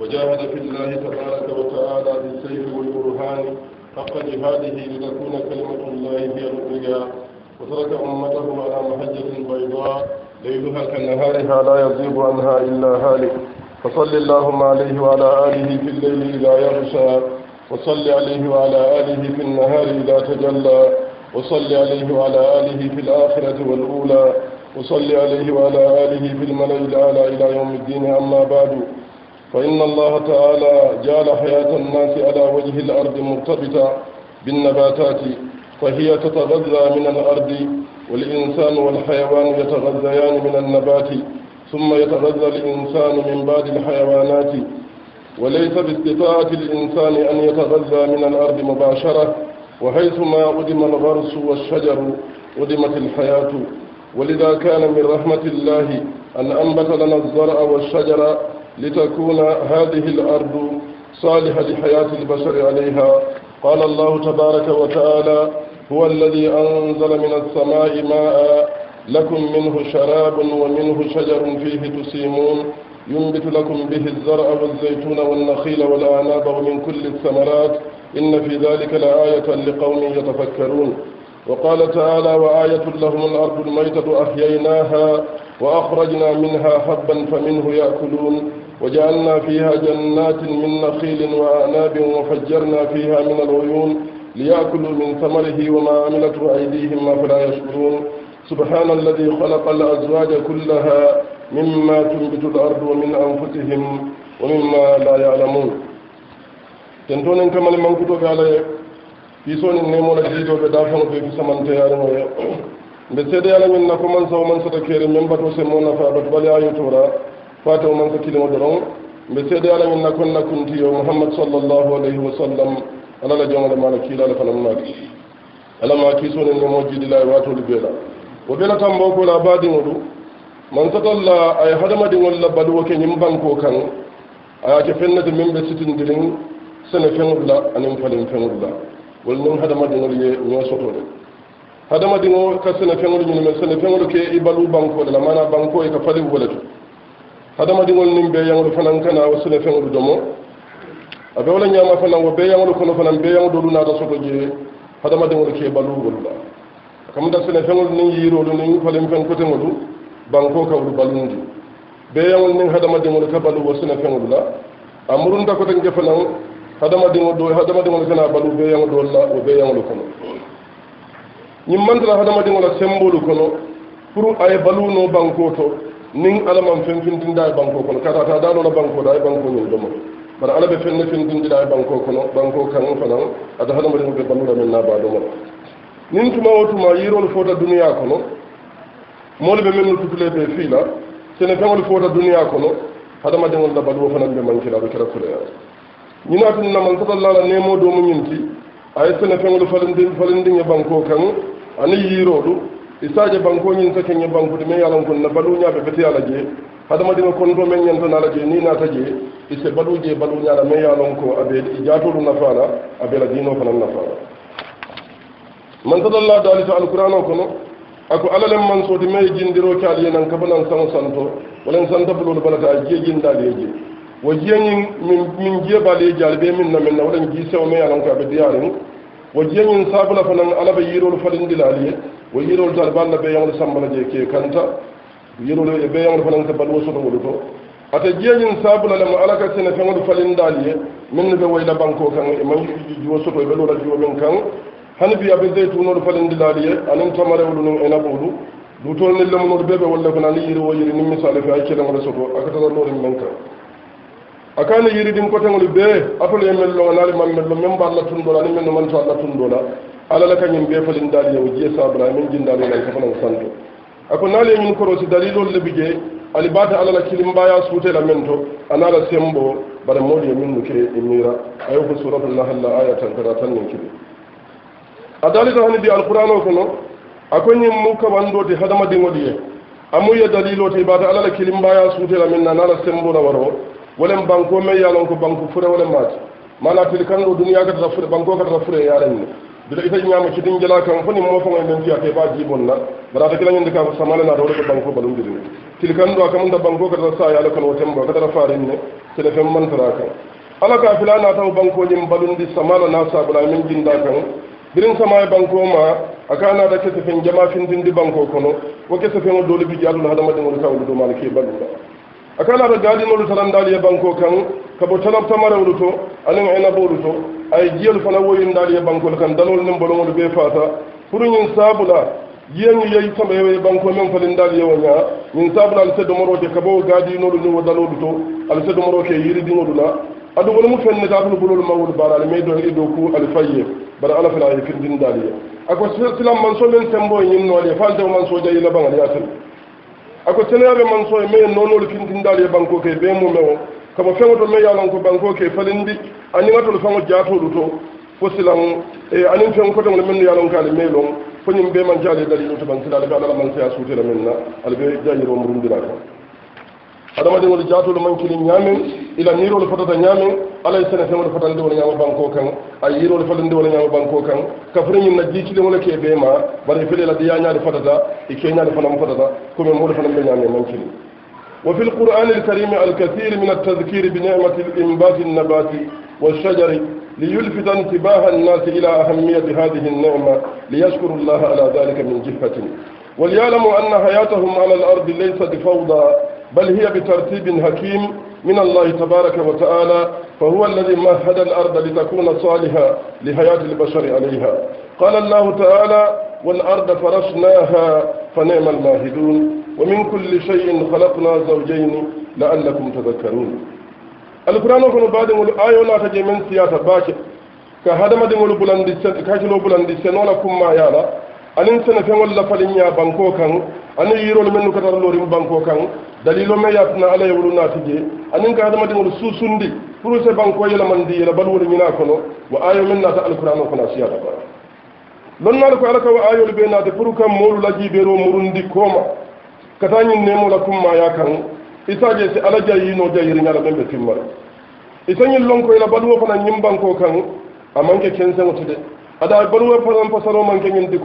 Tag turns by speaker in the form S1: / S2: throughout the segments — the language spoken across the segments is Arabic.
S1: وجاهد في الله تبارك وتعالى بالسيف والبرهان حق جهاده لتكون كلمة الله هي العليا وترك أمته على محجة بيضاء ليلها كنهارها لا يزيغ عنها إلا هالك فصل اللهم عليه وعلى آله في الليل إذا يغشى وصل عليه وعلى آله في النهار إذا تجلى وصل عليه وعلى آله في الآخرة والأولى وصل عليه وعلى آله في بالملأ الأعلى إلى يوم الدين أما بعد فإن الله تعالى جعل حياة الناس على وجه الأرض مرتبطة بالنباتات فهي تتغذى من الأرض والإنسان والحيوان يتغذيان من النبات ثم يتغذى الإنسان من بعد الحيوانات وليس باستطاعة الإنسان أن يتغذى من الأرض مباشرة وحيثما قدم الغرس والشجر قدمت الحياة ولذا كان من رحمة الله أن أنبت لنا الزرع والشجر لتكون هذه الأرض صالحة لحياة البشر عليها قال الله تبارك وتعالى هو الذي أنزل من السماء ماء لكم منه شراب ومنه شجر فيه تسيمون ينبت لكم به الزرع والزيتون والنخيل والأعناب ومن كل الثمرات إن في ذلك لآية لقوم يتفكرون وقال تعالى وآية لهم الأرض الميتة أحييناها وأخرجنا منها حبا فمنه يأكلون وجعلنا فيها جنات من نخيل وأعناب وفجرنا فيها من العيون ليأكلوا من ثمره وما عملته أيديهم ما فلا يشكرون سبحان الذي خلق الأزواج كلها مما تنبت الأرض ومن أنفسهم ومما لا يعلمون تنتون كما لمن كتب عليه piisooni neymoola jiitooɓe daafono ɓee ko samante yaarimo yo mbe seede ala min na ko man sawo man sata keere min mbato semmo nafaa bat bali ayotora faate o man sa kilimo doron mbe seede ala min na kon nakkunti yo mouhammad sallallahu alayhi wa sallam alala jomole maala kiilaala fanammaaki alama kiisooni nemo jiɗila e waatoli beela o ɓelatan mbookola baadiŋolu man satalla ay hadamadiŋol la baluwo ke ñin banko kan ayaake fennete min ɓe sitindiriŋ sene feŋol la aniŋ falin feŋol la wala noon hadamadiŋolu ye ŋo soto le hadamadiŋo ka sene feŋolu ñinime sene feŋolu ke i balu banko le la mana banko i ka fali wo le to hadamadiŋolu niŋ beeyaŋolu fanaŋ kana wo sene feŋolu domo a be wo le ñaama fanaŋ wo beeyaŋolu kono fanaŋ beeyaŋo doolu naata soto je hadamadiŋolu ke balu wolu la kamuta sene feŋolu niŋ yiiroolu niŋ faliŋ feŋ koteŋolu banko ka wolu balundi beeyaŋolu niŋ hadamadiŋolu ka balu wo sene feŋolu la a murunta koteŋ ke fanaŋ hadamadiŋo do hadamadiŋolu kana balu be yaŋo doolu la o be yaŋolu kono ñiŋ mantara hadamadiŋo la semboolu kono pour a ye baluu noo bankoo to niŋ alla maŋ feŋ fintinda a ye kata taa daaloo la bankoo da a ye bankoo ñiŋ domo bari alla be feŋ ne fintindila a ye bankoo kono bankoo kaŋ fanaŋ ata hadamadiŋo be baluu la meŋ naa baa domo la niŋ tuma wo tuma yiroolu foota duniyaa kono Mole be meŋ nu tutulee bee fii la sene feŋolu foota duniyaa kono hadamadiŋolu la baluwo fanaŋ be mankila a be kela kuleyaa ñinaatin sa sata laala nemo doomu ci ay sene feŋolu falindin falindiŋe banko kaŋ ani i isaaje banko ñun sa di mais yàlla nga ko na baluuñaa be betiya la jee kon ko meŋ ñeent naa la jee niŋ naata jee ise balu jee ñaa la mais yàlla nga ko ko abe jaatoolu nafaa la abe la diinoo fanaŋ nafaa la man sadalla alquran ko kono ako ala lem man soo di may jindiroo ke ali ye naŋ kabanan saŋo santo walaŋ santa buloolu balata a jee jindaali ye jee wo jeeñi min min jeebaali jaali ɓe min namin nawɗen ji sew me alan kaɓe diyaari ni wo jeeñin saabula fo nan alaɓe yirolu falindilaali ye wo yirolu tade baalla ɓeyoŋlo sambala je ke kanta yirolu e ɓeyoŋlo fo nan ta baɗ wosoto ngolu to ata jeeñin saabula le mo ala ka sene feŋolu falindaali ye min ne ɓe wayla banko kan e maji wosoto e ɓe lora juwo min kan hani bi aɓe zeytunolu falindilaali ye anin tamarewolu nin e naɓolu du tolnin lemunolu ɓe ɓe wolle ko nani yiri wo yiri nin misali fe ay keleŋole soto akatata lorin min kan a kaane yiri ɗin ko teŋolu bee apolu ye melloŋa naali man mello meme mba latun ɗola ani men no manto a latun ɗola ala la kañin bee falin daali yewo jiye sabra min jindaali lan kafanan santo a ko naali ye ñin korosi dalilol le bijee ali baata ala la kilim mbaya suutee la men to a naa la sembo bara moolu ye min nu ke i miira a yo ko suratu nahal la aya tankara tan nin kibi a daalita hani bi alquran o kono a ko ñin mu kawandooti hadamadiŋol ye a mu ye daliloti baata ala la kilim mbaya suutee la min na a naa la semboola waroo wolen banko me yalon ko banko fure wolen maati mana tili kan ɗo duniya katata fure banko katata fure yaren ni bila ita ñama citin jala kan foni mo fangoy men jiyate ba jibon na barata kila ñande ka samale naata wole ko banko balumdiri ni tili kan ɗo a kamunda banko katata sa yala kan wo temba katata farin ne sene fen mantara kan ala ka fila naataw bankoñin balundi samala na sabula min jinda kan birin sama banko ma aka na da kesa fen jama findindi banko kono wo kesa fen o dole bi jaatul hadama dingol kawlu do malke baluda akala da gadi mulu talan dali ya banko kan ka bo talan tamara wuluto anin ina bo wuluto ay jiyal fana woyin dali ya banko kan dalol nim bolo mulu be fata furu nyin sabula yen yi tamba ye banko men falin dali ya wanya nyin sabula al sedo moro ke ka bo gadi nolu ni dalol wuluto al sedo moro ke yiri di nodula adu wala mu fenne ta fulu bulul mawul bara me do ido ku al fayye bari ala fala yakindin dali ya ako silam man so men sembo yin no de falde man so jayi la bangal ya ako seneyaɓe man so e mayen noon oɗo fintindal e banque ke ɓe mume o kamo feŋoto ma yalan ko banque ke falindi aniŋatol faŋo jaatoɗo to fo silan e anin feŋ koteŋole men no yalan kaale mail on foñim ɓe man jaale dalilu to ban silade ɓe alala man seya suutela men na ala ɓe jayiro murundira kam adamade wol jaatol man kili ñaamen ila niro niirol fotata ñaamen ala e sene fewol fotande wona ñaama banko kan ay a yiirol fotande wona ñaama banko kan ka kafreñin na jiiciliŋole ke be ma bara fele la diyañaade fotata e ke keñaade fanan fotata komi moolu fanan ɓe ñaame man kili وفي القرآن الكريم الكثير من التذكير بنعمة الإنبات النبات والشجر ليلفت انتباه الناس إلى أهمية هذه النعمة ليشكروا الله على ذلك من جهة وليعلموا أن حياتهم على الأرض ليست فوضى بل هي بترتيب حكيم من الله تبارك وتعالى فهو الذي مهد الأرض لتكون صالحة لحياة البشر عليها قال الله تعالى والأرض فرشناها فنعم الماهدون ومن كل شيء خلقنا زوجين لعلكم تذكرون القرآن كن بعد الآية لا تجي من سياسة باكر كهذا ما دمول بلندسن كهذا لو بلندسن ولا كم ما يالا anin sene feŋol la ya banko kaŋ ani yirol mennu ka tara looriŋ banko kaŋ dalilo meŋ ye a tina alla ye wolu naati je aniŋ ka hadamadiŋolu suusundi pour se banko yelemandi yela bali wolu ñinaa kono wo ayo meŋ naata alkurano kono a siya bara lon naata ko alaka wa wo ayolu be naate pour ka moolu la jiibeeroo murundi kooma ka taa ñiŋ neemo la kummaya kaŋ isa je si ala jayinoo jayiriŋa la meŋ be timmara isa ñiŋ lonko yela baluwo fana ñiŋ banko kaŋ a maŋ ke kenseŋo ti de ada baluwo fanaŋ fasaroo maŋ ke ñiŋ di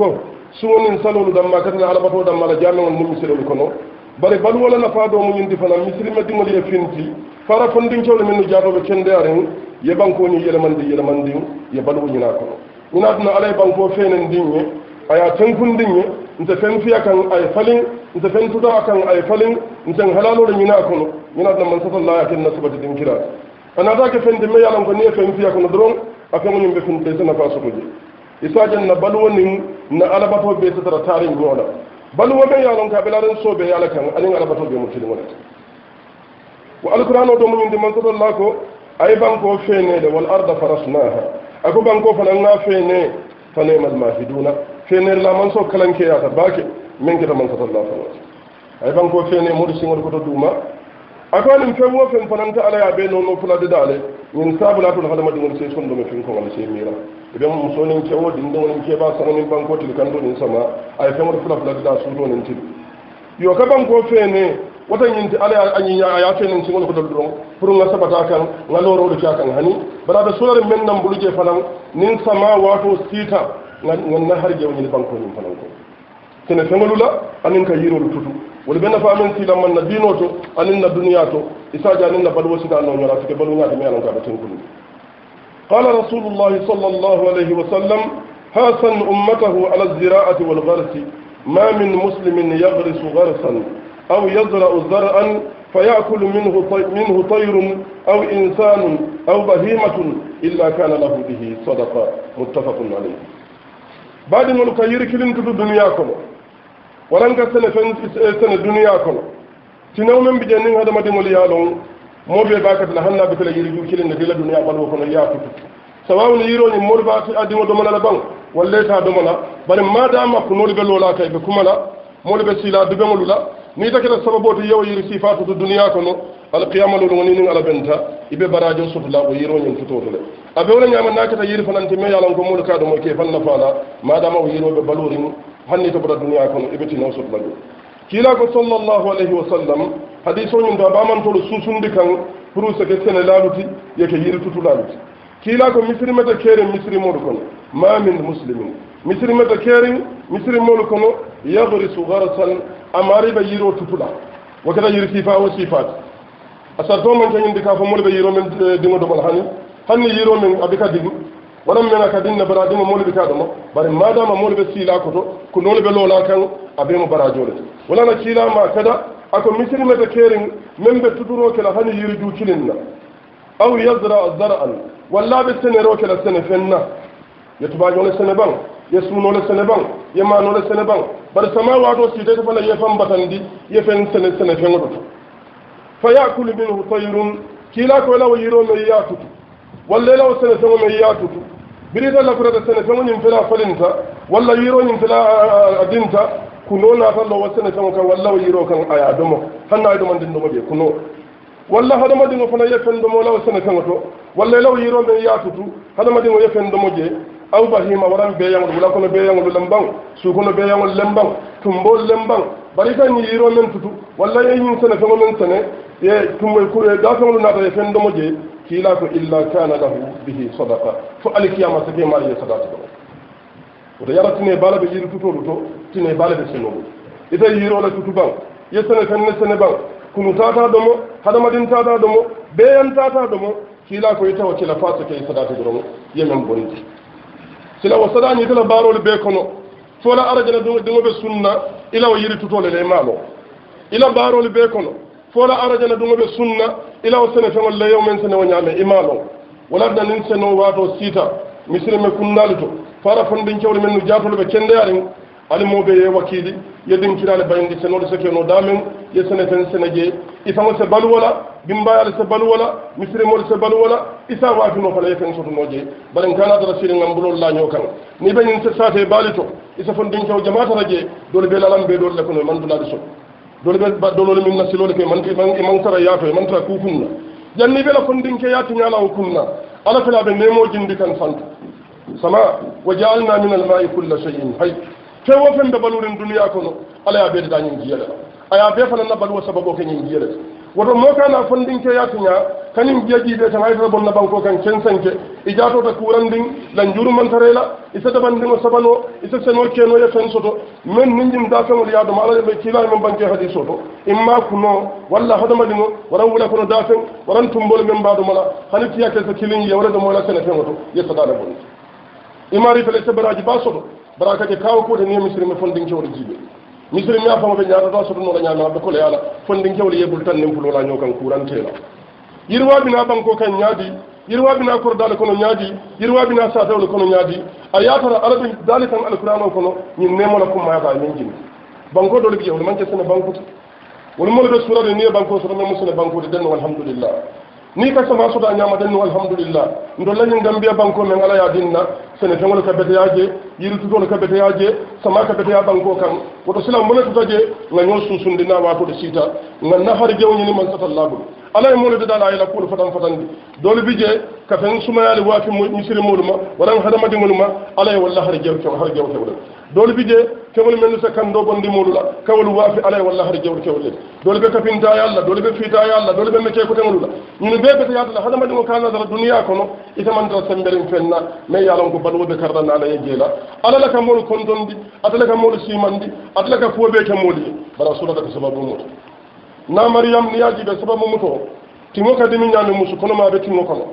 S1: suwonin salolu damma katana arabato damma la jannagol mum misirol kono bare na nafa do mu ñindi fana misilima diŋol ye finti fara fondinkewle min no jaatoɓe kende arin, ye banko ni yele mandi yele yelemandin ye baluwo ñina kono ñina tuna alay ye banko fenen ndinŋe aya tenkundinŋe nte fen fiya kan ay falin nte fen tuda kan aye falin halalo halalole ñina kono ñina tuna man satallaya ken na subati ɗin kira anata ke fente me yalan ko ni ye fen fiya kono doron a feŋoñum ɓe finte se nafa sotoje isajin na balwonin na alabato be satara tarin gona balwo be yalon ka bilarin so be yalakan anin alabato be mutilin wala wa alqur'ano do mun diman to Allah ko ay banko fene da wal arda farasnaha ako banko fanan na fene fane mal mahiduna fene la man so ke ya ta baki men kita man to Allah ko ay banko fene mudu singol ko to duma ako nim fe wo fe fanan ta ala ya be no no fula de dale min sabula to hada madi sai son do me fin ko wala sai mira idan mun so nin kewo din do ke ba sanan banko til kan do a sama ay kamar fula da su ka banko fe ne watan yin ala an yin ya fe nin singon ko do do sabata kan kan hani bara da surar men nan buluje nin sama wato sita ngan na banko ko la anin ka yirolu tutu wala benn fois amee si la mën na bii noo tu na dunia tu isaa jaa nit na ba dugal si daal قال رسول الله صلى الله عليه وسلم حاسن أمته على الزراعة والغرس ما من مسلم يغرس غرسا أو يزرع زرعا فيأكل منه منه طير أو إنسان أو بهيمة إلا كان له به صدقة متفق عليه بعد من كيرك لنت دنياكم waranka sene fen eh, sene duniya kono tinaw men mbiƴen nin hadamadeŋol ya lon moɓe bakatala hanna be tela yiri kilinde dila duniya ɓalwo kono yafutu sawawni yiroñi moɗo bati adiŋo domanala ban walla ta domana bari madama ko moɗo ɓe lolaka ɓe kumala moɗo ɓe siila dubeŋolu la ni takita sababu to yewo yiri sifatuto duniya kono alqiyama lolu woni nin ala benta ibe barajo sohla o yiroñin tutotole aɓe wona ñama nakata yiri fananti me yalanko moɗo ka ɗumo ke fan nafala madama o yiroɓe balurin hanni to bara duniya kono e ɓeti naw Kila kiilaako sallllahu alayhi wa sallam hadis oñum to a ɓamantoɗo susundi kan pour seke sene yiri tutu laluti Kila kiilaako misiri mata keeri misiri moɗo kono ma min muslimin misiri meta keeri misiri moɗo kono yahrisu Amari amariɓe yiro tutula da yiri sifa wa sifati asar to man cañindi ka fo moɗo ɓe yiro men eh, diŋo doɓol hani hanni yiro men aɓe ka diŋ wala mena kadin na baradimo molɓe ka ɗuma bare madama molɓe siila koto ko noon be loola kan abemo barajole wonana kiilama kada ako misirimete keerin min ɓe tuduro kela hani yiri du kilinna aw yasra zara'an walla ɓe senero kela sene fenna ye tubañole sene ban ye suunole sene ban ye manole sene ban bare sama wato siitete fana ye fan batandi ye fen sene sene feŋoɗoto fa yakulu minhu tayrun kiila ko elawo yiro no yeyatutu wallela o sene feŋo meŋ yaatutu birita lafirata sene feŋo ñiŋ fela falinta walla yiro ñiŋ fela a dinta kunoo naata lo wo sene feŋo kaŋ walla wo yiro kaŋ a ye a domo haŋ naa ye domandin domo je kunoo walla hadamadiŋo fana ye feŋ domo la wo sene feŋo to walla ila wo yiro meŋ yaatutu hadamadiŋo ye feŋ domo je aw bahima waran beeyaŋolu wula kono beeyaŋolu lembaŋ suu kono beeyaŋolu lembaŋ tumboolu lembaŋ bari ka ñiŋ yiro meŋ tutu walla ye ñiŋ sene feŋo meŋ sene ye tumboy daafeŋolu naata ye feŋ domo je kila ko illa kana lahu bihi sadaqa fo alkiyama sake ma ye sadaka do oto yara tine bala be yiri tutoɗo to tine bala be sinoɗo ita yirole tutu ban ye sene fenne sene ban kunu tata ɗomo hadamadin tata ɗomo beyan tata ɗomo kiila ko yitawa kila fa sake sadaka doron yemen bonde sila wo sadani itala barole be kono fola arajana ɗumo ɓe sunna ila o yiri tutole le maalo ila barole be kono fola arajana ɗum ɓe sunna ilaw sene feŋol le yew men sene o ñaame imalon walatna nin o waato siita misiri me kunnaali to fara fon fondin cewle men no jaatole ɓe kendeyarin alimoɓe ye wakkiili yeddin kiraale bayindi senole sekeno damen ye sene fen sene jee ifaŋo se balu wala bimbayale se balu wala misirimole se balu wala isa waafino fana ye fen sotuno jee baren kana tara siri ŋan bulol laaño kan ni ɓe ñin se saate baali to isa fondin cew jama tara jee dole ɓe lalan ɓe dole le kono e mandulaade sot dole be dolole min nasilole ke man man man tara yafe man tara kufunna janni bela fondin ke yati nyala o kunna ala fela be nemo jindi kan fanta sama wajalna min alma'i kulli shay'in hay ke wo fen be baluren duniya kono ala ya be da nyin jiyala aya be fana na balwa sababo ke nyin jiyala wato mo kana fondinke yatuña kañum jeeƴiɓe tan haytata bonna banko kan kuran i dan kurandin man tarela isa bandin sabano isa no ya san soto min min jim ya da ala mai kila min banke hadi soto imma kuno walla hadamadino waran wula kono dafeŋ waran tumbole min mala hani tiya sa kilin ye wala domola sene ya sada da bonde imari fa isa baraji ba soto baraka kake kawo kote ne misiri fundin fondinke wurin jibe misri ñaa faŋo be ñaatata sotono la ñaama be koleya la fondin kewle ye tan nin fulo ñoo kan kurante la yiriwa bina banko kan ñaadi yiriwa bina kordale kono ñaadi yiriwa bina satewle kono ñaadi a yaatara alabe daali kan alqur'ano kono ñin nemola kummayata min jini banko dole bi jewle manke sene bankuti woni mole be suurade niye banko soto men mu sene bankuti den alhamdulillah ni ka sama suta a ñamaten nu alhamdulillah ndo ndollañin gambiya banko men ala ya dinna sene feŋol ka beteya je yiri tutol ka beta je sama ka ya banko kan wato silam mone to je ŋa ñol susundina watode siita ŋa nafar ni man satallahu ala moolu be dala ayla kuulu fatan fatandi doolu bi jee ka fen sumayaali waafi misiri moolu ma waran hadamadiŋolu ma ala ye walla har jew kew har jew kew le doolu bi jee kewol mennu sa kan do bondi moolu la kawol waafi ala ye walla har jew kew le doolu be kafintaayaal la doolu be fiitaayaal la doolu be meccee koteŋolu la ñunu bee bete yaata la hadamadiŋo kaana dara duniyaa kono itamantara semberiŋ fen na mais ye a lon ko baluwo be karda na ala ye jee la ala la ka moolu kontondi ate la ka moolu siimandi ate la ka fuwo bee ke moolu ye bara sulata ko sababu na mariyam ni yaji be sababu muto timo kadi min nyami musu kono ma be timo kono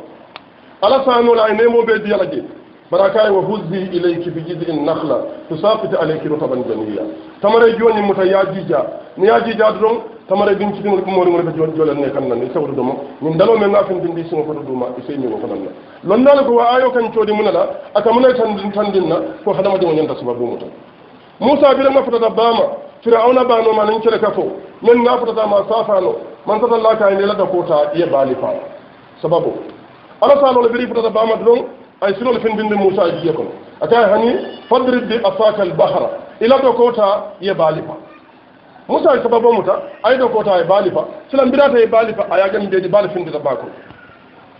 S1: ala sanu la ne mo be di yalla ji baraka wa huzzi ilayki bi jid'in nakhla tusaqit alayki rutaban jamia tamare joni muta yaji ja ni yaji ja don tamare bin ci dum mo ngol be jol jol ne kan nan ni sawdu dum min dalo men na fin bindi sino ko duma isay mi ko kan nan lon dal ko wa ayo kan codi munala aka munay tan tan dinna ko hadama jom nyanta sababu muta musa bi na fata bama fir'auna ba no manin kira kafo min na fata ma safa no man tata la ka ne la da kota ya bali fa sababu ala sa no biri fata ba ma don ay sino le fin bin musa ji ko aka hani fadrib bi asaka al bahra ila da kota ya bali fa musa ya sababu muta ay da kota ya bali fa silan birata ya bali fa aya gam de bali fin da ba ko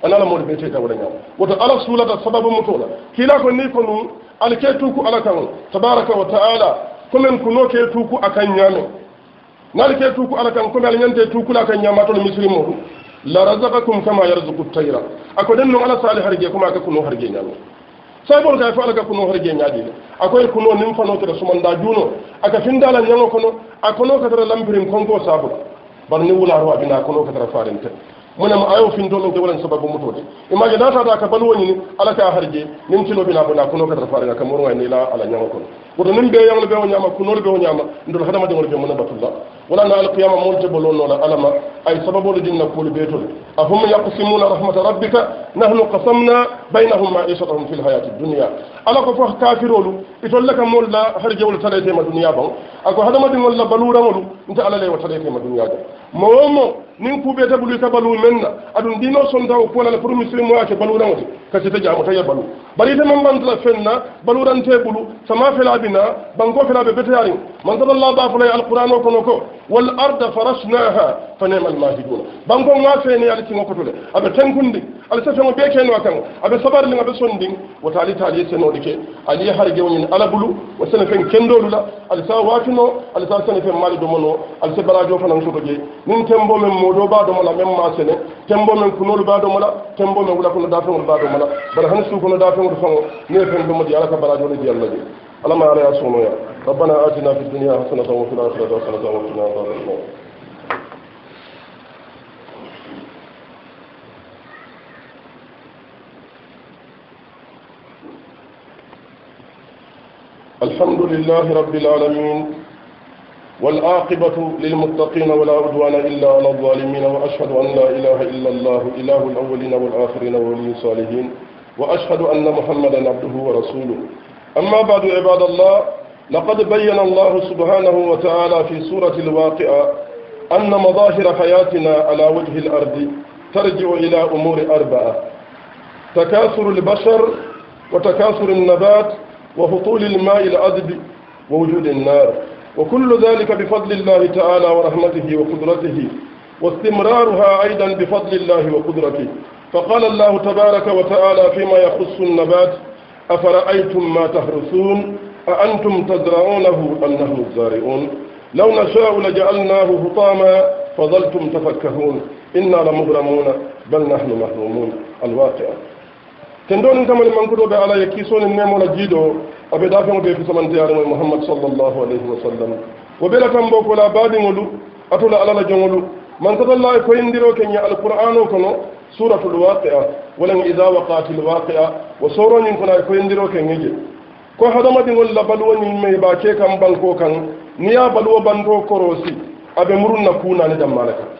S1: anala mo be te tawra nyaa wato ala sulata sababu mutola kila ko ni ko nu alkaitu ku ala kan tabaraka wa ta'ala komen kuno ke tuku akan nyame nal ke tuku alakan kan komen nyante tuku la kan nyama to misri mo la razaqakum kama yarzuqu at-tayra ako den no ala salih harge kuma ka kuno harge nyame sai bol ka fa alaka kuno harge nyaade ako e kuno nim no to suman da juno aka dalan nyamo kono akono ka tara lambirin kongo sabu bar ni wula ro abina kono ka tara farin ma ayo fin min ke wolan sababu tode imagine data da ka balwoni ni ala ta harje nim tilo bina bona kuno ka tafare ka moro ngai la ala nyama kon wodo nim be yang be nyama kuno be nyama ndol hadama de wol be munaba batulla wala na al qiyamah mo te bolon la ma ay sababu do jinna kul tole afum yaqsimuna rahmat rabbika nahnu qasamna bainahum ma'ishatahum fil hayati dunya ala ko fakh kafirolu itol la itollaka mol la harje wol tare te ma dunya ba ako hadama de wol la balura molu nta ala le wa tare te ma dunya ga momo nin kuɓeeta ɓulu ita baluu men na aɗum ɗino la polala pour misilimo ake baluranote kasita jamata ya balu bari ite man bantala fenna balurante ɓulu sama felaɓina banko felaɓe beteyarin man salallah bafalay alquran o kono ko wal arda farasnaha fa nema almahiduna banko ga feene koto le a aɓe tenkundi ala sa feŋo bee keenoo kaŋ a be sabari liŋ a be sondin woto ali ta ali ye senoo le ke ali ye harigewo ñin ala bulu wo sene feŋ kendoolu la ali sa waatunoo ali sa sene feŋ maali domo noo ali se baraajoo fanaŋ soto je niŋ tembo meŋ moodoo baa domo la meŋ maa sene tembo meŋ kunoolu baa domo la tembo meŋ wula kono daafeŋolu baa domo la bari hani suu kono daafeŋolu faŋo niŋ ye feŋ domo di ala ka baraajoo le diyal la je ala ma ala ye a sonoya ربنا آتنا في الدنيا حسنة وفي الآخرة حسنة وقنا عذاب النار الحمد لله رب العالمين والعاقبة للمتقين ولا عدوان إلا على الظالمين وأشهد أن لا إله إلا الله إله الأولين والآخرين وولي الصالحين وأشهد أن محمدا عبده ورسوله أما بعد عباد الله لقد بين الله سبحانه وتعالى في سورة الواقعة أن مظاهر حياتنا على وجه الأرض ترجع إلى أمور أربعة تكاثر البشر وتكاثر النبات وهطول الماء العذب ووجود النار وكل ذلك بفضل الله تعالى ورحمته وقدرته واستمرارها أيضا بفضل الله وقدرته فقال الله تبارك وتعالى فيما يخص النبات أفرأيتم ما تهرسون أأنتم تزرعونه أم نحن الزارعون لو نشاء لجعلناه هطاما فظلتم تفكهون إنا لمغرمون بل نحن محرومون الواقع te ndoonin tamani manguɗooɓe alaa yo kiisoni memola jiiɗoo o ɓe ɗaafemo ɓe fisamantiyaare mo mouhammad sallllahu alayhi wa sallam wo ɓeɗa tan mbo kola baaɗiŋolu atola alala joŋolu mankotolla e koyindiroke ñe alqur'an o kono suratul waqia walan ida waqaati l waqia wo soroñin kona e koyindiroke ŋeje ko haɗama ɗiŋol la baluwoñin mey ɓa ke kan banko kan niya baluwo banto korosi aɓe murunna kuunani ɗammaale kan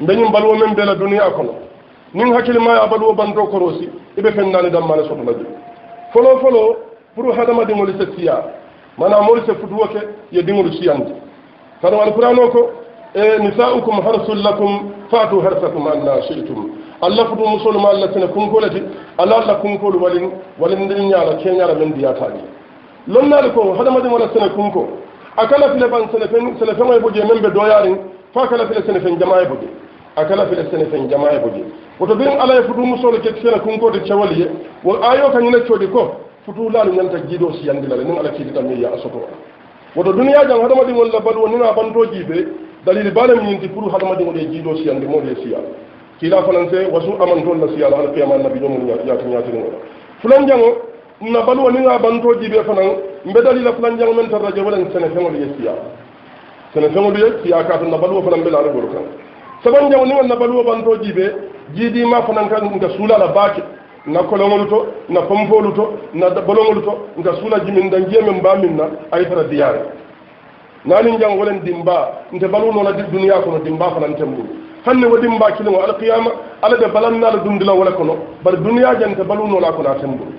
S1: mbeñin baluwo men mbela duniya kono nin hakkille maa abaluwo bantoo korosi i ɓe fenndaani dammane sotola jo folo folo pour hadama diŋoli se siya manaa mori se futuwo ke yo diŋolu siyandi kano alqouran o ko e nisaukum harsun lakum faatu harsakum anna chitum allah futu musolu ma allah sene kunkoleti ala allah kunkolu walin walindin ñaala keñaala men diyataaji lonnaali ko hadama diŋola sene kunko a kala file ban sene fen sene feŋo e bo je men ɓe doyaarin fa kala file sene fen jama e bo je a kala file sene fen jama e bo je woto ɓen alaye e futu musole kek sena kunkode cawali ye won ayo kañine coodi ko futu laalu ñanta jiiɗo siyandilale nin ala kiidi tammi ya a soto woto duniya jan haɗamadi won la balu wonina bantoji ɓe dalil balem ñinti pour haɗamadi wone jiiɗo siyandi moɗe siya kiila fanancé wasu amantol la siyala ala qiyama nabi jomum yaati ñaatinoɗa fulan jango na balu wonina banto ɓe fanan mbe dalila fulan jango men tarraje walan sene feŋol ye siya sene feŋol ye siya kata na baluwo fanan mbelaare gol kan saban jango ni won na baluwo bantoji ɓe jiidima fanan nga nka suulala baake na koloŋolu to na pompoolu to na boloŋolu to nga suula jimin danjiye men min na a ye tara diyaare naaniŋ jaŋ wolen dimba nte baluu noo la duniyaa kono dimba fanaŋ te hanni wo dimba kiliŋo alqiyama ala be balanna la dundila wo le kono bari duniya jaŋ nte baluu noo la a kono ate mbulu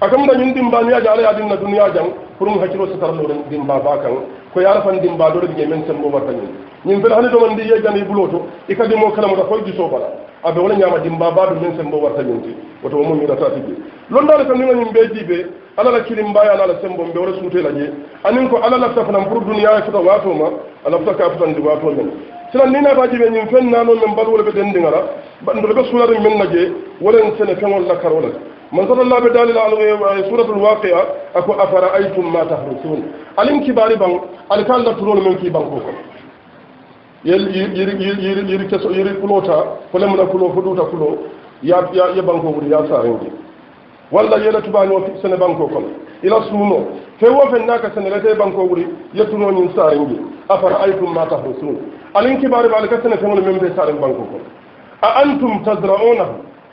S1: a kamta ñiŋ dimba niŋ ye je ala ye a dinna duniyaa jaŋ pour mu hakkiloo sitaraloo le dimba baa kaŋ ko ye ala fandin mba dole ɓe men sembo warta ñin ñin fene hani toman ndi yejjani i e ɓulo to i e kadi mo kalamota koye jiso bala a aɓe wona ñama dimba baɗo men sembo warta ñinti woto womo ñinata tigi londade kam niga ñin ɓe jiɓe ala la kilim mbaya ala la sembo mbe wona suutela je anin ko ala lafta fanan pour duniya e fota ma ala fota ka fotandi wato men silan ni nata jiɓe ñin fen nano men mbaɗ wole ɓe dendigara mbaɗdole be suulade men na je wolen sene feŋol la karolade مثل الله بدال العلوية سورة الواقعة أكو أفرأيتم ما تحرسون ألم كبار بان ألكان لا ترون من كي بان بوكم يري كسو يري كلوتا فلا من كلو فدوتا كلو يا يا يا بان بوكم يا سارين ولا يلا تبان وفي سنة بان بوكم إلى سمو فهو في الناك سنة لا تبان بوكم يتنون ينسارين أفرأيتم ما تحرسون ألم كبار بان كسنة فمن من بيسارين بان بوكم أأنتم تزرعونه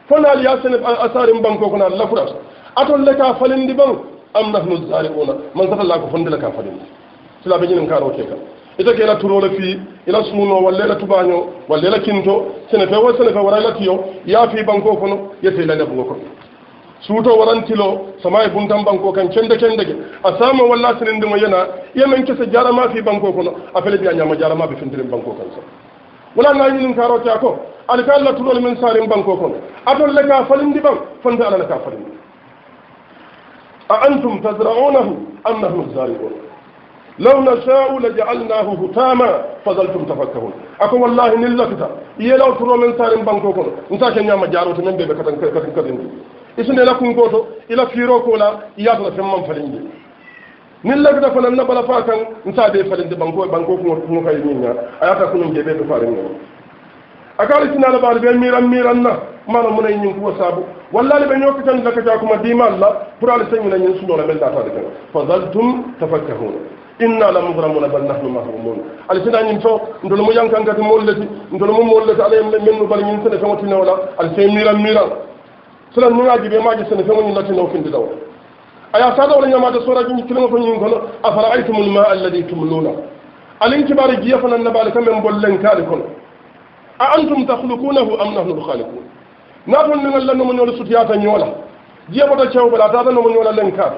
S1: fona ali yasene asarin banko kono alla furat atol le ka falindi ban am nahnu zari'una man sata la ko fonde le ka falindi sila be ñinin karo ke kan ita ke la turo le fi ila sumuno walla la tubaño walla la kinto sene fe wal sene fe wara la tiyo ya fi banko kono yete la lebu ko suuto warantilo samaye buntan banko kan cende kendege a sama walla senendimo yana yemen kese jarama fi banko kono a fele mbiya ñama jarama ɓe fentirin banko kan sa wala nañinin karota ko ala ka allah tulol men saarin banko kono atol la ka falindi ban fonde ala la ka falindi a antum tazra'unahu am nahnu zari'un law nasha'u laja'alnahu hutama fazaltum tafakkahun ako wallahi nin lafita yelaw turo men saarin banko kono nsake ñama jaaroto men ɓeɓe katan katan kadindi isune la kunkoto ila fiiro kola iyatola femman falindi nin lagda fana nabala fa kan nsa ɓe falindi banko banko kuŋo kay ñiŋa a yata kunum jeɓe to farin ŋo akali sinala bal be miran miran na mana ne ñing ko wasabu wallahi be ñoko tan la ka ta kuma dimal la pour ala señu nañu suñu la mel da ta de fa zaltum tafakkahun inna la mugramuna bal nahnu mahrumun ala sina ñin to ndul mu yankan ka mo lati ndul mu mo lati ala yam men bal ñin sene famo tinaw la al sey miran miran sulan mu ngaji be ma maji sene famo ñin lati no fin di daw aya sa daw la ñama da sura ñin kilma fa ñu ko afara aytumul ma alladhi tumluna alin kibari jiya fa nan nabal kam men bol len kali kono أأنتم تخلقونه أم نحن الخالقون ناتون لنا لنا من يولي ستياتا نيولا جيبو دا تشاو بلا تاتا نمن يولا لنكار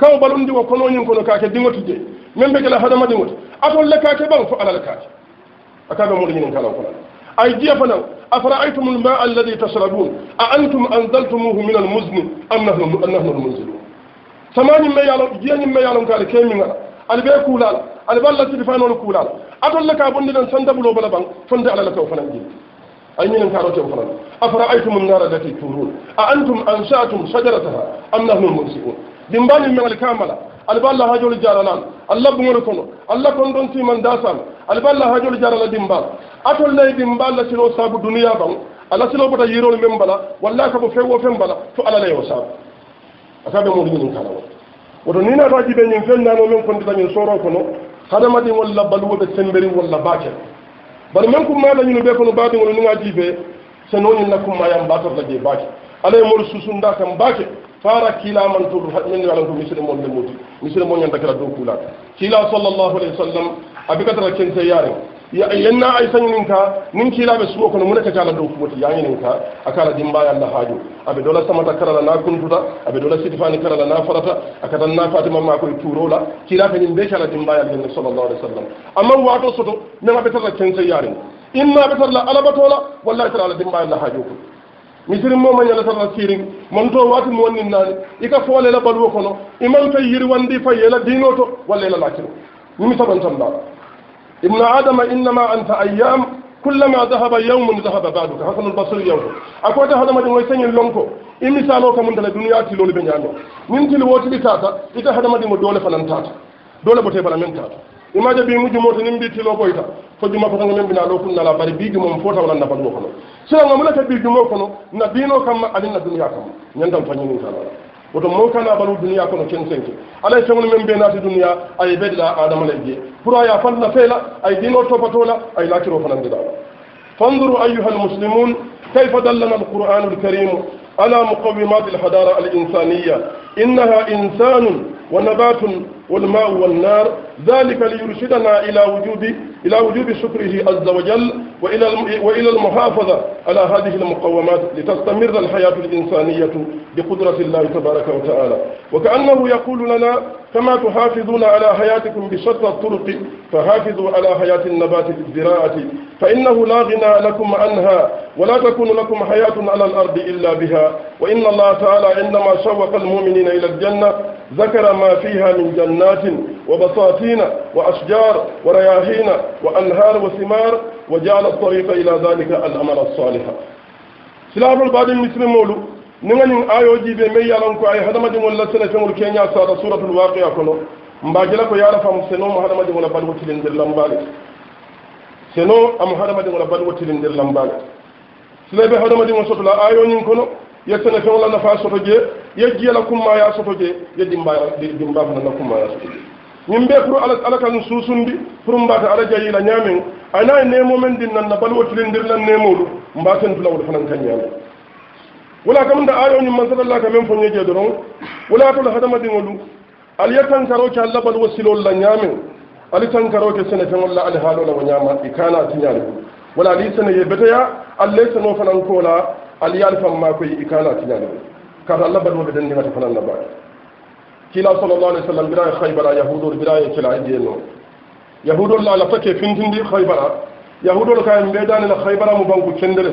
S1: كاو بالون دي وكونو ينكونو كاكي دينو تدي من بكلا هذا ما دينو أتون لكاكي بان فعلا لكاكي أكاد مولي ينكا لو كلا أي جيبنا أفرأيتم الماء الذي تشربون أأنتم أنزلتموه من المزن أم نحن نحن المنزلون ثمانين ما يعلم جيان ما يعلم كالي كيمين ألبي كولال ألبي الله تدفعنا atol la ka bondi dan santa bulo bala bang fonde ala la taw fanan jil ay ñen ka ro taw fanan afara aytum an nar allati turun a antum ansha'tum shajarataha am nahnu mumsikun dimbani mengal kamala alballa hajol jaralan allah bungol kono allah kon don timan dasam alballa hajol jarala dimbal atol lay dimbal la silo sabu duniya bang ala silo bota yirol mem bala walla ka bo fewo fem bala to ala lay wasab asabe mo ni ni kala woto ni na taji be ni fen nano men kon ditamin soro kono hadamadi walla baluwoɓe semberi walla bakel ñu min kum maɗa ñunu ɓe kono baɗigol nuga jiife so noon ñinna kumma yam mbatorla je baake alay mol susunda kam baake fara tur to min alan ko misire mon le muti misire mo ñanta kira dow kuulaka kiila sallllahu alayhi wa sallam abi katara kense yaren ai san ninka nin la basu ko mun ka caala dow fuwoti yañininka a kala dimbaya allah haaju aɓe dola ta karala na kuntuta aɓe dola sidifani karala na farata a katan na fatima ma koye turola kiilaɓe ñin ɓe caala dimbaya allah sallallahu alaihi wasallam amma amman wato soto min aɓe tata kense yarin betar la alaba alabatola wallahi tara ala dimbaya allah haaju ko mo moma ñala tarra sirin mon to wati mo wonnin nan ika ka ɓaluwo kono la fay yirwandi fay yela diino to fa yela lakiro mimi saɓan tan ibn adama innama anta ayyam kullama dhahaba yawmun dhahaba ba'duka hasan al-basri a akota hadama ɗum way sañil lonko imisalo ka mun tala duniya tilolu ɓe ñaami o min tili wotili tata ita hadama ɗimo doole fanan tata doole bote bala men tata imaja bi muju to nin mbi tilo boyta fo juma ko tanga men bina lo kunna bari bi juma fota wala nafa mo kono sira ngamula ka bi juma kono na bino kamma adina duniya kam nyandam fanyi ni kala woto mon kana balu duniya kono ken senke alay sewnu men be naati duniya aye ɓeɗɗa adama lay jee pour aya falla feyla ay dino topatola ay lakiro fanandiɗawa fanduru ayuha almuslimun kayfa dallana alqur'anu alkarimu ala muqawimat alhadara alinsaniya innaha insanun wa nabatun والماء والنار ذلك ليرشدنا إلى وجود إلى وجوب شكره عز وجل وإلى وإلى المحافظة على هذه المقومات لتستمر الحياة الإنسانية بقدرة الله تبارك وتعالى وكأنه يقول لنا كما تحافظون على حياتكم بشتى الطرق فحافظوا على حياة النبات بالزراعة فإنه لا غنى لكم عنها ولا تكون لكم حياة على الأرض إلا بها وإن الله تعالى عندما شوق المؤمنين إلى الجنة ذكر ما فيها من جنات وبساتين وأشجار ورياحين وأنهار وثمار وجعل الطريق إلى ذلك الأمر الصالح سلاف البعض المسلم مولو نغني آيو جي بي مي يالنكو أي هدم جمول لسنة سمول كينيا سادة سورة الواقع كنو مباجلة كو يعرف مسنوم هدم جمول بدو در لمبالي سنو أم هدم جمول بدو تلندر لمبالي سلاف هدم جمول سطلا آيو نين كنو yettene feŋola nafa soto je ye jiyala kumma ya soto je ye dimba dimba fana na kumma ya soto je ñiŋ be pour ala ala kan suusundi pour mbaata ala jayila ñaameŋ ana ye neemo men din nan na bali wo tilindir lan neemoolu mbaa sentula wolu fanaŋ ka ñaame wala kamunta ayo ñiŋ mansatalla ka meŋ fo ñe je doroŋ wala tol hadamadiŋolu ali ye tankaro ke alla bali wo siloolu la ñaameŋ ali tankaro ke sene feŋol la ali haaloo la wo ñaama i kaana a tiñaali wala ali sene ye beteya alla ye senoo fanaŋ koo la ali yal fam ma koy ikala ti nyalo kada allah badu be denni ngata fanan nabaa kila sallallahu alaihi wasallam bira khaybara yahudu bira kila ideno yahudu la la fake fintindi khaybara yahudu ka mbe dani la khaybara mu banku kendere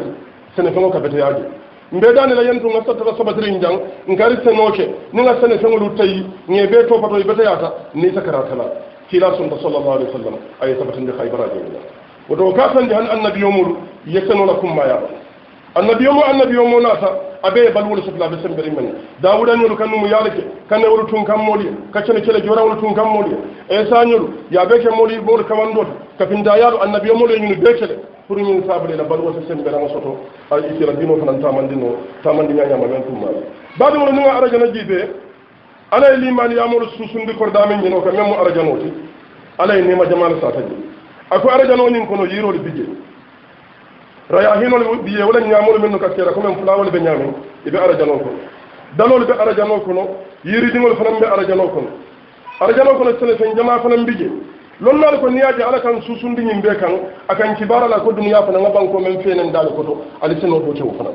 S1: sene fengo ka bete yaje mbe dani la yentu ngasta ta sabatri njang ngari senoke ninga sene fengo lu tayi nge be to pato bete yata ni sakara tala kila sallallahu alaihi wasallam ay sabatindi khaybara je wodo ka sanje an annabi yomul yeseno lakum ma ya annabiyo mo annabiyo mo naata aɓe e balwol sohla aɓe sembere men dawuɗañolu kannum yaalake kanne wolu tun kammooli kaccene kele jorawol tun kammooli e ya yaaɓe ke mooli ɓowol kawandota kapinda annabi annabiyo molo e ñunu beekele pour ñun sabalila balwo so semberanga soto ay isira dino fanan tamandino tamandi ñañama men tummaɓe baade mono nuga aradiana jiibe ala e limani yamolo susundi kordamen ñino ka men mo aradianoti ala e nema jamala sa taji ako aradianoñin kono yiroli bijee raya hinol biye wala ñamol men no kera comme fulawol ɓe ñaami eɓe arajanol ko dalol ɓe arajanol kono yiridiŋol fanan be arajanol kono arajanol ko sene fen jama bije lol lonnaali ko niyaji ala kan susundi ñim be kan akan la ko duniya fana ban banko men fenen ko to ali seno ɗo tewo fana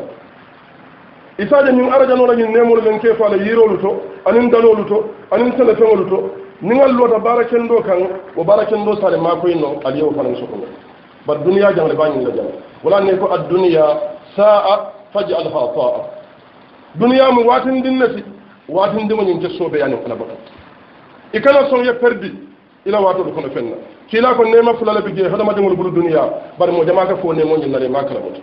S1: isaje ñin la ñin nemol men ke fa la yirolu to anin dalolu to anin sene fenolu to niŋal loota baara kendo kan wo baara kendo sale makoy no aliyewo fanan sotono bar duniya jang le bañin la jang wala ne ko ad duniya sa'a faj'alha ta'a duniya mu watin din nati watin din mun jesso be yani kala baka ikana son ya perdi ila wato ko no fenna kila ko nema fulala bi je hada ma jangol bulu duniya bar mo jama ka fo ne mo nyin nare ma kala baka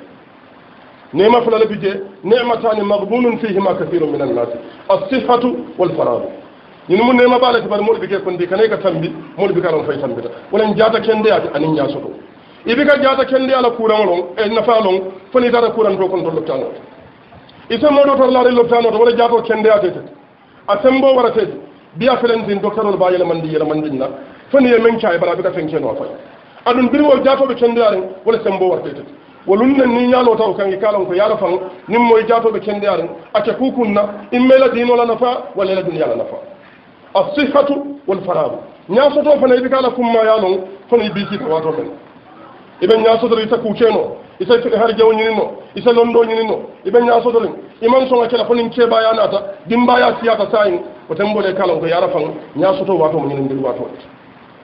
S1: nema fulala bi je ni'matani maghbunun fihima kathirun min an-nas as-sihhatu wal faragh ñun mu nema balati bar mo bi ke kon bi kanay ka tambi mo bi ka ron fay tambi ta wala njata kende ati anin nya soto ibika jata kendi ala kuuraŋolon e nafaalon fo ni tata kuuranto konto loptanoto isemmoɗo tor laade loptanoto wala jato kende atete a sembo waratede biya felentin docteur ol mba yelemandi yelemandinna foni ye men caye bara bika fenkeno a fay aɗum birwol jatoɓe kendeyaren wala sembo wartetete walum nen ni ñaalo taw kange kalan ko yaala fan nin moye jatoɓe kendeyaren acca kukunna immela dinola nafa walla ela duniyala nafa asihatu walfaragu ñasoto fana yiɓi kala kumma yalon kono yiɓi kiita wato men iɓe ñasodore ita kuuceno isa har jawo ñinino isa londoo ñinino iɓe ñasodorin iman songa kela fonin naata nata siyaata siyata sayin ko tembole kalan ko yara fan soto wato mo ñinindir wato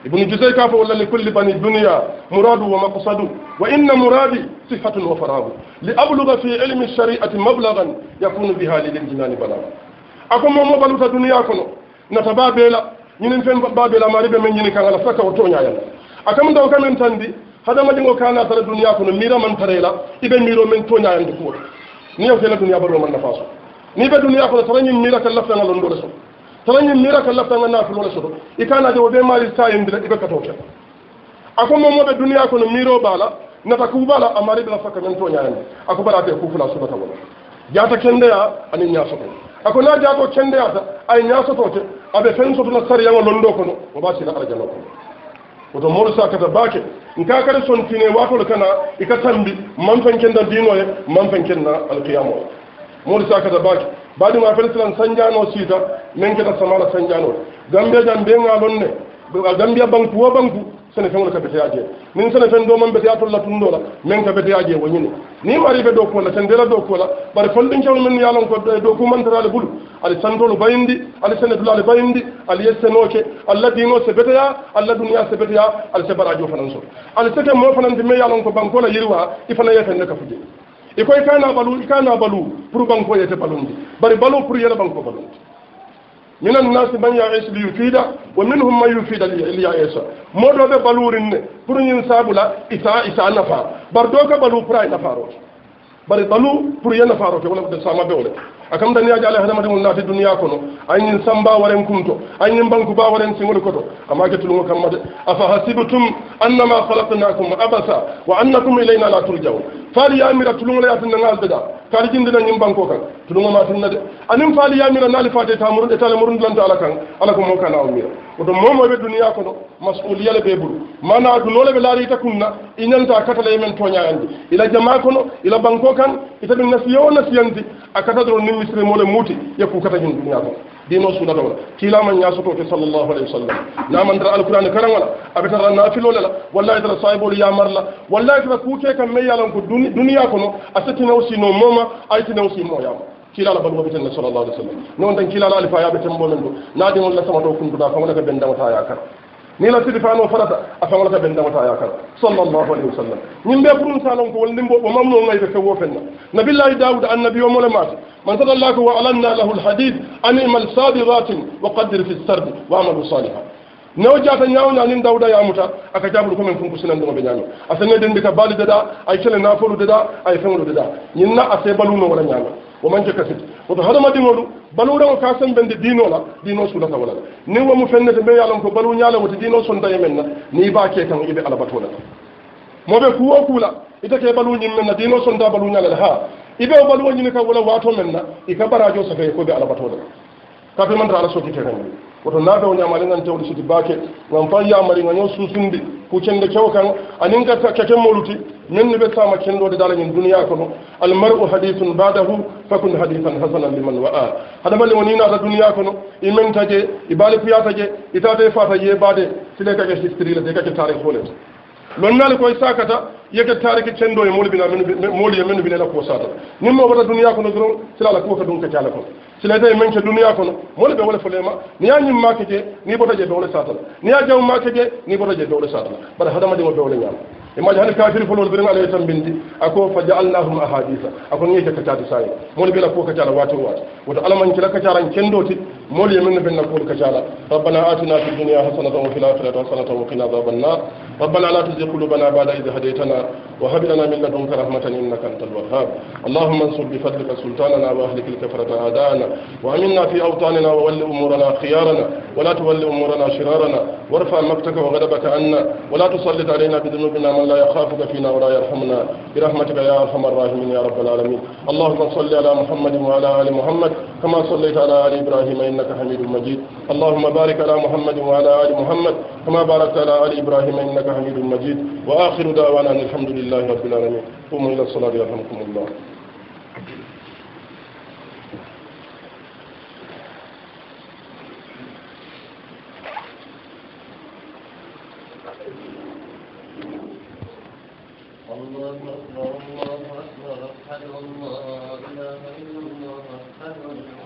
S1: ibnu jusey ka fo walla li kulli bani duniya muradu wa maqsadu wa inna muradi sihatun wa faragu li abluga fi ilmi shariati mablagan yakunu biha lililjinani balaga ako momo baluta duniya kono nata babela ñinin fen babela mari be men ñini saka faka o toñayan akamdaw kamen tandi hadamadiŋo kana tara duniya kono miira man tare la i men to nyaa ndi ko ni yow tela duniya baro man na soto ni be duniya kono tara ñiŋ miira ka laftaŋa londo le soto tara ñiŋ miira ka laftaŋa naatulo le soto i kana je be mari sa yim i ibe katoke ako a ko momo be duniya kono miiro baa la nata kuuba la a maari bela fakka meŋ toñayandi a ko bara ate kuufula subata wo la jaata kendeya aniŋ ñaa soto a ko naa ya ta ay so to te a be feŋ soto la sariyaŋo londo kono wo baa sila alajano kono woto moolu sa kata baake nka kadi sontine waatol kana ika tambi man fen kenda diinoye man fen kenna alkiyamoye moolu sa kata baake baadima fele silan sanjaanoo siita men keta samala gambe ne gambia banku wo banku sene feŋolu ka beteya jee niŋ sene feŋ doomaŋ beteya tol la tundoo la meŋ ka beteya jee wo ñini niŋ maari be dookuo la sendela dookuo la bari follinkeŋolu meŋ ye a loŋ ko eh, dooku mantaraale bulu ali santolu bayindi ali sene dulaale bayindi ali ye senoo ke ali la diinoo se beteya ali la duniyaa se beteya ali se barajoo fanan so ali se ke moo fanaŋ ti meŋ ye a loŋ ko bankoo la yiriwaa i fana ne kafu jee i koy i kana balu i kana balu pour bankoo yete te balundi bari balu pour yela bankoo balundi من الناس من يعيش ليفيد ومنهم من يفيد ليعيس مره بالور بر ينساب لا اسا اسا نفا بردوك بالو برا نفارو بر بالو بر ينفارو كي ولا بد سما بيولا اكم دنيا جال هذا ما دمنا في الدنيا كنو اين ينسمبا ورن كنتو اين ينبنكو با ورن سيمول كتو اما كتلو كم افحسبتم انما خلقناكم عبثا وانكم الينا لا ترجعون faali yamira tulungola yatinna ngal beda kaali jindina ñim banko kan tulungo ma tinna de anin faali yamira naali faate tamurun e tale murun lanta ala kan ala ko moo kana o moo oto momoɓe duniyaa kono masuliya le ɓe ɓuru mana dunole ɓe laarita kunna iñanta katala e men toñayandi ila jamaa kono ila banko kan ita ɗum nasiya wo nasiyandi a kata doro nin misiri mole muuti yakku kata ñin duniyaa kono dino suuna dama kiila man ya soto fi sallallahu alaihi wasallam na man dara alquran karan wala abi tara nafilo la wallahi tara saibol ya marla wallahi tara kuke kan me yalan ko duniya kono asati nawsi no moma ayti nawsi mo yama kiila la balwa bitan sallallahu alaihi wasallam non tan kiila la alifa ya bitan mo na di wala sama do kun da fa wala ka ben dama ta ya kar ni la sidi fano farata a fangolata ɓen ndemata yakara sallllahu alayhi wa sallam ñin ɓe pour um salon ko wallin mbo o mamno ngayde fewo fenna nabillahi daoud annabi o mole maate man sadallah ko wa alanna lahu lhadid an imal sabiratin wa qaddir fi sardi wa amalu saliha nawo jata ñawñanin dawda yamuta aka jaɓuɗo komin funko sinanduma ɓe ñaami a sene dendi ka baali deɗa ay sele nafolu deɗa ay fewlo deɗa ñinna a sebaluno wala ñaama o manje kasiti woto hadamadiŋolu baluuraŋo ka seŋ bendi diinoo la diinoo sulata wo la niŋ wo mu fennete mbe ye a loŋ ko baluu ñaa la woto diinoo sonta ye meŋ na niŋ i be a kee kaŋ i be le la moo be kuwo kuu ite ke baluu ñiŋ meŋ na diinoo sonta baluu ñaa le ha ibe be wo baluwo ñini ka wo la waatoo meŋ na i ka baraajoo safe ko be alabatoo le la kaatu manta ala sokiteekaŋ woto naata o ñamali ngan tewde siti baake ngan fa yamari ngan ñon suusindi pour cende kew kan anin ka kakemmoluti min ne ɓe sama cendode dala ñin duniya kono almaru hadithun badahu fakun hadithan hasanan liman wa'a hadamali o ni naata duniya kono i men taje i baali puyata je itata e fata ye baade sile kake sistirile de kake tarih folete lonnali koye sakata yeke tariki cendoye moolu bina moolu ye mennu binela ko sata nin mo wata duniya kono doron sila ala kuwoka dun kecala kono sila itaye men ke duniya kono moolu be wole folema ni ya ñim make je ni bota je bewole satala ni ya jaw make je ni bota je bewole satala bara hadamadiŋo bewole ñama imaji hani kafiri folol biriŋ ala ye tambindi ako fa jaalnahum ahadisa ako ŋe ke kacati sayi moolu bela kuwo kacala waati alaman waati woto alamankila kacaran cendoti مول يمن بن نقول كجالا ربنا آتنا في الدنيا حسنة وفي الآخرة حسنة وقنا عذاب النار ربنا لا تزغ قلوبنا بعد إذ هديتنا وهب لنا من لدنك رحمة إنك أنت الوهاب اللهم انصر بفضلك سلطاننا وأهلك الكفرة أعداءنا وأمنا في أوطاننا وول أمورنا خيارنا ولا تول أمورنا شرارنا وارفع مقتك وغضبك عنا ولا تسلط علينا بذنوبنا من لا يخافك فينا ولا يرحمنا برحمتك يا أرحم الراحمين يا رب العالمين اللهم صل على محمد وعلى آل محمد كما صليت على آل إبراهيم إنك حميد مجيد اللهم بارك على محمد وعلى آل محمد كما باركت على آل إبراهيم إنك حميد مجيد وآخر دعوانا أن الحمد لله رب العالمين قوموا إلى الصلاة يرحمكم الله
S2: الله أكبر الله أكبر أشهد أن لا إله إلا الله أشهد أن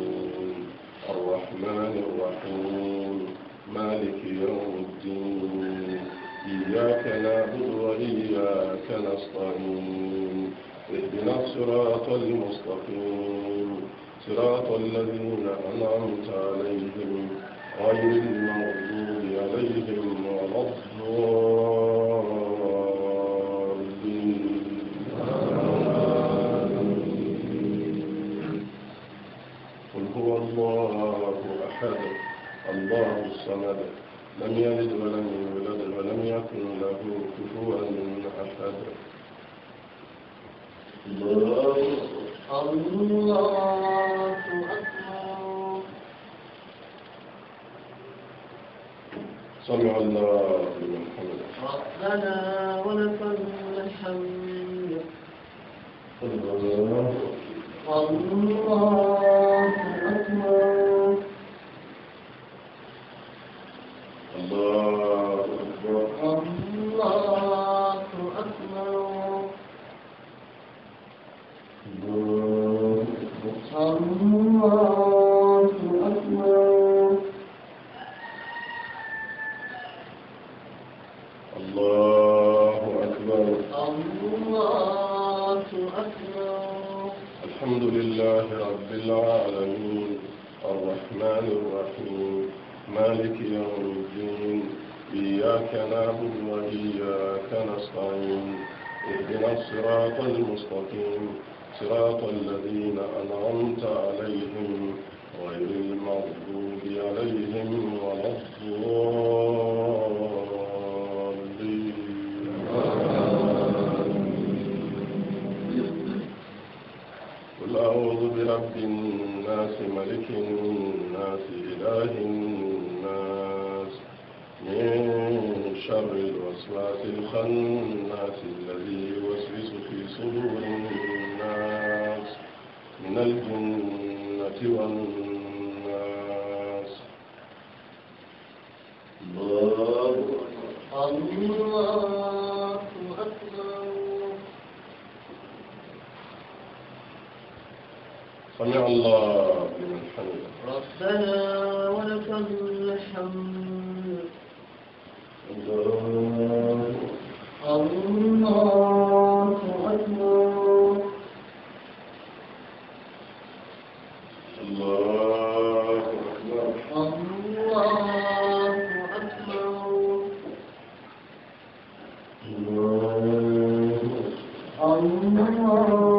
S2: صراط المستقيم صراط الذين أنعمت عليهم غير المغضوب عليهم ولا الضالين قل هو الله أحد
S1: الله الصمد لم يلد ولم يولد ولم يكن له كفوا أحد
S2: الله أكبر سمع الله لمن حمده ربنا ولك الحمد الله
S1: صراط الذين أنعمت عليهم غير المغضوب
S2: عليهم ولا
S1: قل أعوذ برب الناس ملك الناس إله الناس من شر الوسواس
S2: الخناس الذي يوسوس في صدور من الجنة والناس الله الله أكبر سمع الله لمن حمده ربنا ولك الحمد الله